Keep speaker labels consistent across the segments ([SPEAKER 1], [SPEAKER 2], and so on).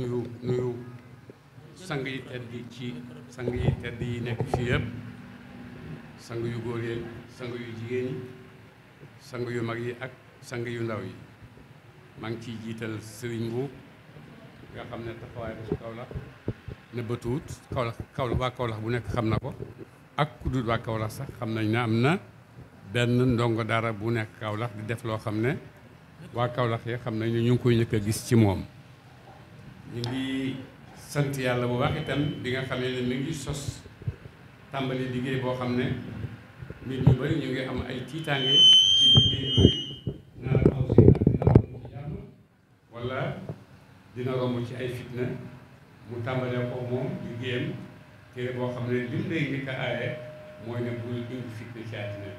[SPEAKER 1] nuyu nuyu sang yi tedd ci sang yi tedd yi nekk ci yëpp sang yu góor yi sang yu jigéen yi sang yu mag yi ak sang yu ndaw yi maa ngi ciy jiital sëriñ bu nga xam ne taxawaay bu Kaolack nëbbatuwut Kaolack Kaolack waa Kaolack bu nekk xam na ko ak ku dul waa Kaolack sax xam nañ ne am na benn ndongo dara bu nekk Kaolack di def loo xam ne waa Kaolack yi xam nañ ne ñu ngi koy njëkk gis ci moom ñu ngi sant yàlla bu baax itam bi nga xam ne mi ngi sos tàmbali liggéey boo xam ne nit ñu bari ñu ngi am ay tiitaange ci liggéey si dina romb ci jàmm wala dina romb ci ay fitna mu tàmbalee ko liggéeyam téere boo xam ne lim lay njëkk a mooy ne bul indi fitna ci àddina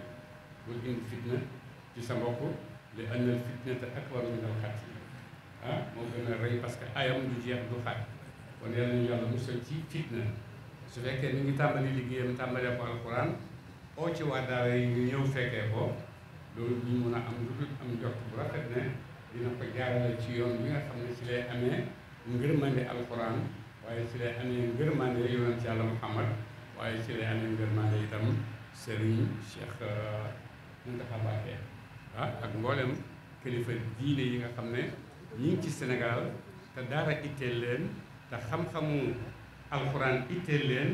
[SPEAKER 1] bul indi fitna ci sa mbokk li annal fitnata akbar min al xatti ah moo gën a rëy parce que ayam du jeex du xaaj kon yàlla nañu yàlla musal ci fitna su fekkee ni ngi tàmbali liggéeyam tàmbalee ko alxuraan oo ci waa daara yi ñu ñëw fekkee ko loolu ñu mun a am lu dul am njort bu rafet ne dina ko jaarale ci yoon yi nga xam ne ci lay amee ngërmande alxuraan waaye ci lay amee ngërmande yonent yàlla Muhammad waaye ci lay amee ngërmande itam Serigne Cheikh euh, Mountakha Mbacké ah ak mboolem kilifa diine yi nga xam ne. ñi ci senegal te daara itteel leen te xam-xamu alxuraan itteel leen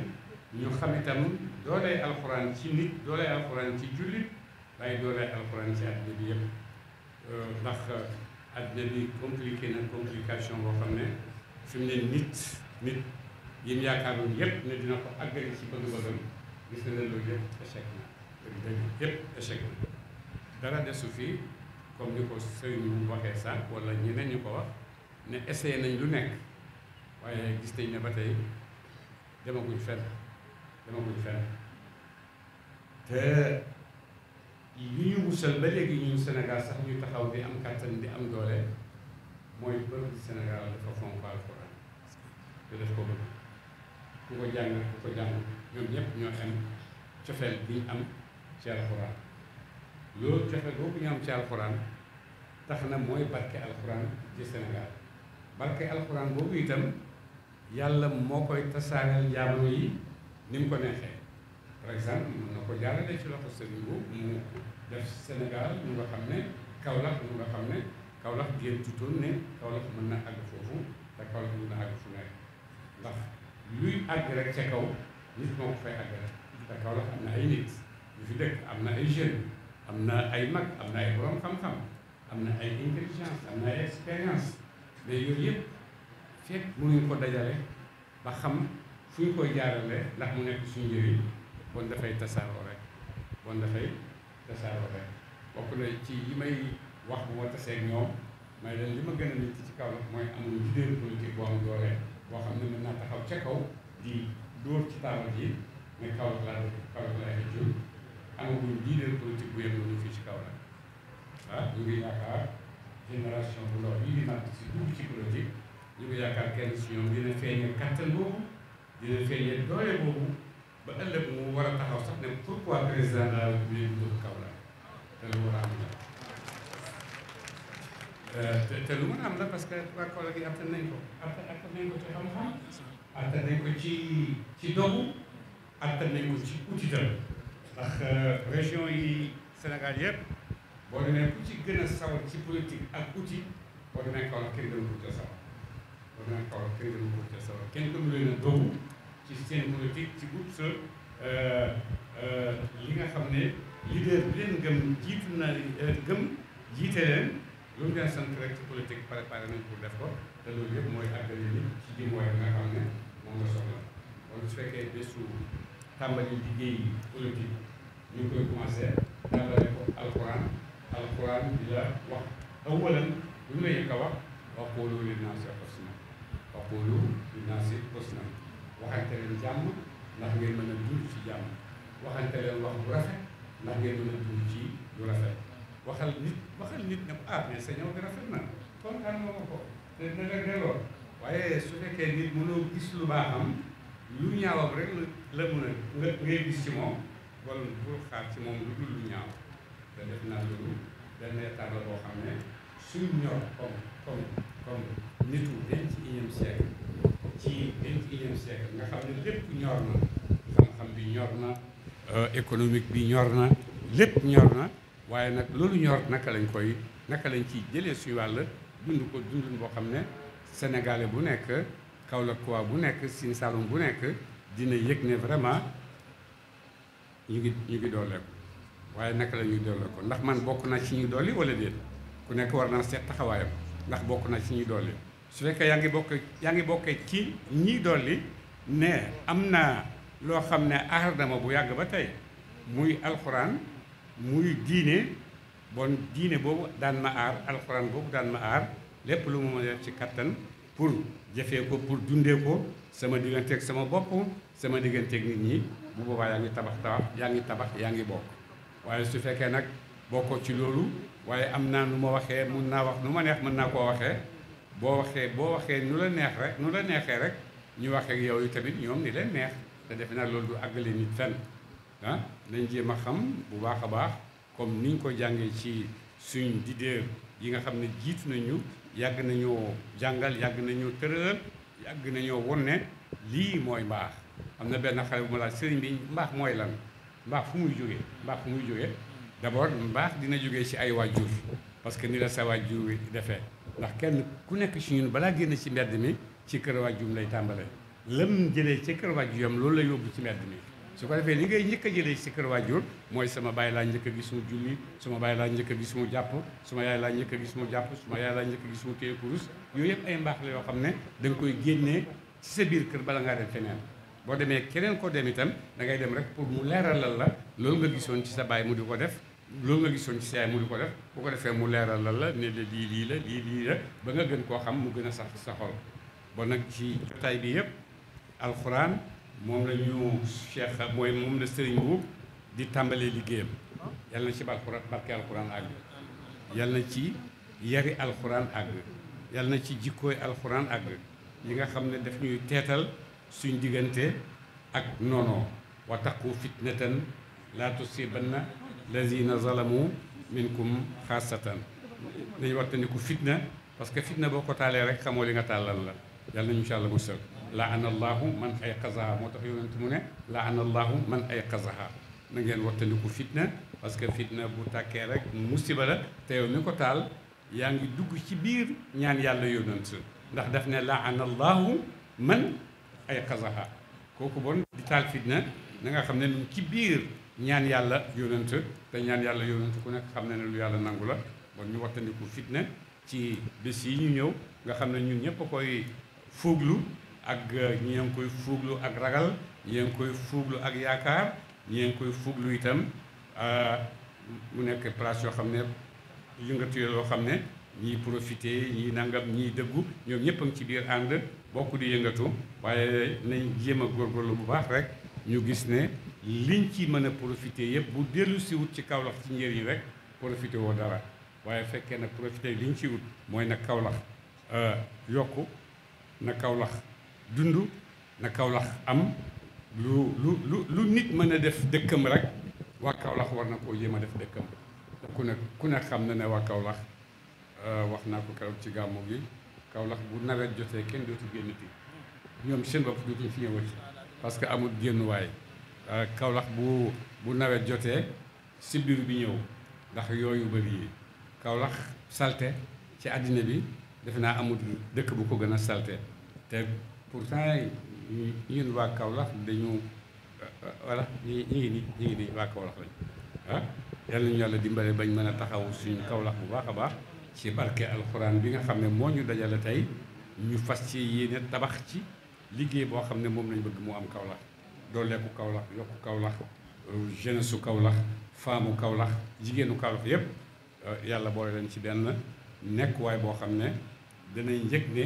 [SPEAKER 1] ñu xam itam doolee alxuraan ci nit doolee alxuraan ci jullit waaye doolee alxuraan ci àddina bi yëpp euh, ndax euh, àddina bi compliqué na complication boo xam ne fi ne nit nit yéen yaakaaroon yëpp ne dina ko àggali ci bëgg-bëggam gis na ne loolu yëpp échec na dëgg na dara desu fii comme ni ko sëriñ bu waxee sànq wala ñeneen ñu ko wax ne essayé nañ lu nekk waaye gis nañ ne ba tey demaguñ fenn demaguñ fenn te li ñu wusal ba léegi ñun Sénégal sax ñu taxaw di am kàttan di am doole mooy peuple Sénégal dafa fonk alxuraan te daf ko bëgg ku ko jàng ku ko jàng ñoom ñëpp ñoo xam cofeel bi am ci alxuraan loolu joxe boobu ñu am ci alxuraan tax na mooy barke alxuraan ci Sénégal barke alxuraan boobu itam yàlla moo koy tasaareel jaamano yi ni mu ko neexee par exemple mën na ko jaarale ci loxo sëriñ boobu mu def Sénégal ñu nga xam ne Kaolack ñu nga xam ne kawlax génn tutoon ne Kaolack mën na àgg foofu te Kaolack mën na àgg fu nekk ndax luy àgg rek ca kaw nit moo ko fay àgg rek te Kaolack am na ay nit ñu fi dëkk am na ay jeunes am na ay mag am na ay borom xam-xam am na ay intelligence am na ay expérience mais yooyu yëpp fekk mënuñ ko dajale ba xam fu ñu koy jaarale ndax mu nekk suñu njëriñ bon dafay tasaaroo rek bon dafay tasaaroo rek bokk na ci yi may wax bu ma taseek ñoom may leen li ma gën a nit ci kaw nag mooy amul leader politique bu am doole boo xam ne mën naa taxaw ca kaw di dóor ci taabal yi ne kaw laa kaw laa amaguñ leader politique bu yëngu ñu fii ci kaw nag ah ñu ngi yaakaar génération bu ndaw yi di natt si dugg ci politique ñu ngi yaakaar kenn si ñoom dina feeñe kattan boobu dina feeñe ba ëllëg mu war a taxaw sax ne pourquoi président de la république bu kaw la te lu war a am la euh, te lu mën a am la parce que nañ ko attan attan nañ ko ci xam-xam attan nañ ko ci ci dogu ndax e, région yi Sénégal yëpp boo demee ku gën a sawar ci politique ak outil boo demee Kaolack kenn gënu ko ca sawar boo demee Kaolack kenn gënu ko ca sawar kenn gënu leen a doomu ci seen politique ci groupe sa e, e, li nga xam ne leader bi leen gëm jiitu naa gëm jiite leen lu mu leen sant rek ci politique préparé nañ pour def ko te loolu yëpp mooy àggali ni ci jëm waaye nga xam ne moom nga soxla kon su fekkee bésu tàmbali liggéey politique ñu ngi koy commencé jàllale ko alquran alquran di la wax awalan lu mu la yëkk a wax wa qulu linnaasi husna wa qulu linnaasi husna waxante leen jàmm ndax ngeen mën a dund ci jàmm waxante leen wax bu rafet ndax ngeen mën a dund ci lu rafet waxal nit waxal nit ne ko ah mais sa ñëw bi rafet na kontaan nga ko ko te na delloo waaye su fekkee nit mënoo gis lu baaxam lu ñaawam rek la mën a nga gis ci moom kon bul xaar ci moom lu dul lu ñaaw te def naa loolu benn état boo xam ne suñ ñor comme comme comme nitu vingt et unième siècle ci vingt et unième siècle nga xam ne lépp ñor na xam-xam bi ñor na euh, économique bi ñor na lépp ñor na waaye nag loolu ñor naka lañ koy naka lañ ci jëlee suñu wàll dund ko dundun boo xam ne sénégalais bu nekk Kaolack waa bu nekk Sine Saloum bu nekk dina yëg ne vraiment ñu ngi ñu ngi dooleeku waaye naka la ñuy ko ndax man bokk naa ci ñu doole wala déet ku nekk war na seet taxawaayam ndax bokk naa ci ñu doole su fekkee yaa ngi bokk yaa ngi bokkee ci ñiy dolli ne am na loo xam ne aar dama bu yàgg ba tey muy alxuraan muy diine bon diine boobu daan ma aar alxuraan boobu daan ma aar lépp lu mu mën def ci kattan pour. jëfee ko pour dundee ko sama digganteeg sama bopp sama digganteeg nit ñi bu boobaa yaa ngi tabax tabax yaa ngi tabax yaa ngi bokk waaye su fekkee nag bokkoo ci loolu waaye am naa nu ma waxee mun naa wax nu ma neex mën naa koo waxee boo waxee boo waxee nu la neex rek nu la neexee rek ñu waxee ak yow yi tamit ñoom ni leen neex te defe nag loolu du àggale nit fenn ah nañ jéem a xam bu baax a baax comme niñ ko jàngee ci suñ leader yi nga xam ne jiitu nañu yàgg nañoo jàngal yàgg nañoo tëralal yàgg nañoo won ne lii mooy mbaax am na benn xale bu ma laaj sëriñ bi mbaax mooy lan mbaax fu muy jógee mbaax fu muy jógee d'abord mbaax dina jógee ci ay waajur parce que ni la sa waajur defee ndax kenn ku nekk ci ñun balaa génn ci mbedd mi ci kër waajuram lay tàmbalee lam jëlee ci kër waajuram loolu la yóbbu ci mbedd mi su ko defee li ngay njëkk a jëlee si kër waajur mooy sama bàyyi laa njëkk a gis mu julli suma bàyyi laa njëkk a sumu mu jàpp suma yaay laa njëkk a sumu mu jàpp suma yaay laa njëkk a gis mu yooyu yëpp ay mbaax la yoo xam ne da nga koy génnee ci sa biir kër bala ngaa dem feneen boo demee keneen koo dem itam da dem rek pour mu leeralal la loolu nga gisoon ci sa baay mu di ko def loolu nga gisoon ci sa yaay mu di ko def bu ko defee mu leeral lal la ne la lii lii la lii lii la nga gën koo xam mu gën a sax sa xol nag ci jotaay bi yëpp moom la ñu Cheikh mooy moom la Serigne bu di tàmbalee liggéeyam yàlla na ci alxuraan barke alxuraan àgg yàlla na ci yari alxuraan àgg na ci jikkooy alxuraan àgg yi nga xam ne daf ñuy teetal suñ diggante ak noonoo wa taqu fitnatan laa tusibanna lazina zalamu minkum xaasatan nañu waxtandiku fitna parce que fitna boo ko taalee rek xamoo li nga tàllal la yàlla nañu incha allah musal laanallaahu man ay qazaha moo tax yonent mu ne laanallaahu man ay xasaxaa na ngeen wattandiku fitna parce que fitna bu tàkkee rek musiba la te yow mi ko taal yaa ngi dugg ci biir ñaan yàlla yonent ndax daf ne laanallaahu man ay qazaha kooku bon di taal fitna na nga xam ne nun ci biir ñaan yàlla yonent te ñaan yàlla yonent ku nekk xam ne ne lu yàlla nangu la bon ñu wattandiku fitna ci bés yi ñu ñëw nga xam ne ñun ñëpp a koy fóoglu ak euh, ñi ngi koy fuuglu ak ragal ñi ngi koy fuuglu ak yaakaar ñi ngi koy fuuglu itam euh, mu nekk place yoo xam ne yëngatu yoo xam ne ñii profité ñi nangam ñii dëggu ñoom ñëpp a ngi ci biir ànd bokk di yëngatu waaye nañ jéem a góorgóorlu bu baax rek ñu gis ne liñ ci mën a profité yëpp bu dellu si wut ci Kaolack ci njëriñ rek profité woo dara waaye fekkee nag profité liñ ci wut mooy nag Kaolack euh, yokk na Kaolack dund na kawlax am lu lu lu lu nit mën a def dëkkam rek waa Kaolack war na koo jéem a def dëkkam te ku ne ku ne xam na ne waa Kaolack euh, wax naa ko keroog ci gàmmu gi Kaolack bu nawet jotee kenn dootu génn génnati ñoom seen bopp dootuñ fi ñëwati parce que amut génn waay euh, Kaolack bu bu nawet jotee sibbiru bi ñëw ndax yooyu bëri yi kawlax salte ci àddina bi defe naa amul dëkk bu ko gën a salte te pour pourtant ñun waa Kaolack dañu voilà ñu ngi nii ñu ngi nii waa Kaolack lañ ah nañu yàlla dimbale bañ mën a taxaw suñu kawlax bu baax a baax ci barke alxuraan bi nga xam ne moo ñu dajale tey ñu fas ci yéene tabax ci liggéey boo xam ne moom lañ bëgg mu am Kaolack dooleeku Kaolack yokku Kaolack jeunesse su Kaolack faamu Kaolack jigéenu Kaolack yépp ah, yàlla boole leen ci benn nekkuwaay boo xam ne danañ yëg ne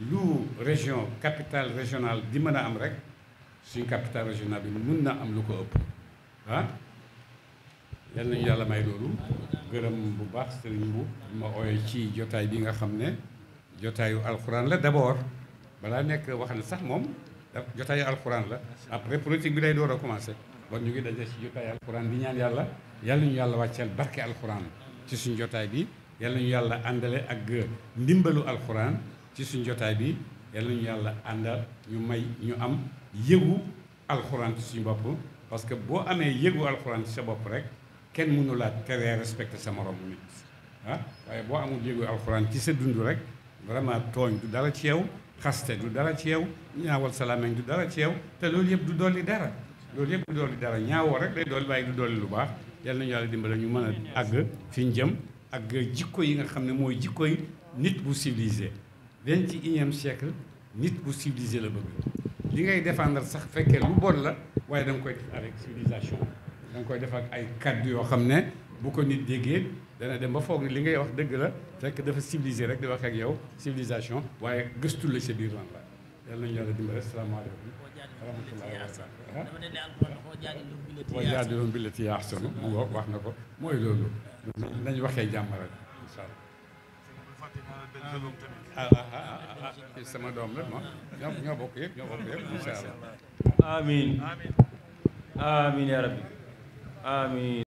[SPEAKER 1] lu région capitale régional di mën a am rek suñ capitale régional bi mun na am lu ko ëpp ah yal nañu yàlla may loolu gërëm bu baax sëriñ bu ma ooyee ci jotaay bi nga xam ne jotaayu alxuraan la d'abord balaa nekk wax ne sax moom jotaayu alxuraan la après politique bi day door a commencé bon ñu ngi daje ci jotaayu alxuraan bi ñaan yàlla yàlla ñu yàlla wàcceel barke alxuraan ci suñ jotaay bi yàlla ñu yàlla àndale ak ndimbalu alxuraan ci suñu jotaay bi yàlla nañu yàlla àndal ñu may ñu am yëgu alxuraan ci suñu bopp parce que boo amee yëgu alxuraan ci sa bopp rek kenn mënu laa teree respecté sa morom nit ah waaye boo amul yëgu alxuraan ci sa dund rek vraiment tooñ du dara ci yow xaste du dara ci yow ñaawal salaameñ du dara ci yow te loolu yëpp du dolli dara loolu yëpp du dolli dara ñaawoo rek day dolli waaye du dolli lu baax yàlla nañu yàlla dimbale ñu mën a àgg fi ñu jëm ak jikko yi nga xam ne mooy jikko nit bu civilisé vingt et unième siècle nit bu civilisé la bëgg li ngay défendre sax fekkee lu bon la waaye da nga koy def avec civilisation da koy def ak ay kàddu yoo xam ne bu ko nit déggee dana dem ba foog ne li ngay wax dëgg la fekk dafa civilisé rek di wax ak yow civilisation waaye gëstu la sa biir lan la yàlla nañu yàlla dimbale salaamaaleykum rahmatullahi wa jaadiloon billati yaa ahsanu mu wax na ko mooy loolu nañ waxee jàmm rek ah ah ah, ah, ah, ah. sama doom la ma ñoo ñoo bokk yëpp ñoo bokk yëpp incha allah. amiin amiin yaa rabbi amiin.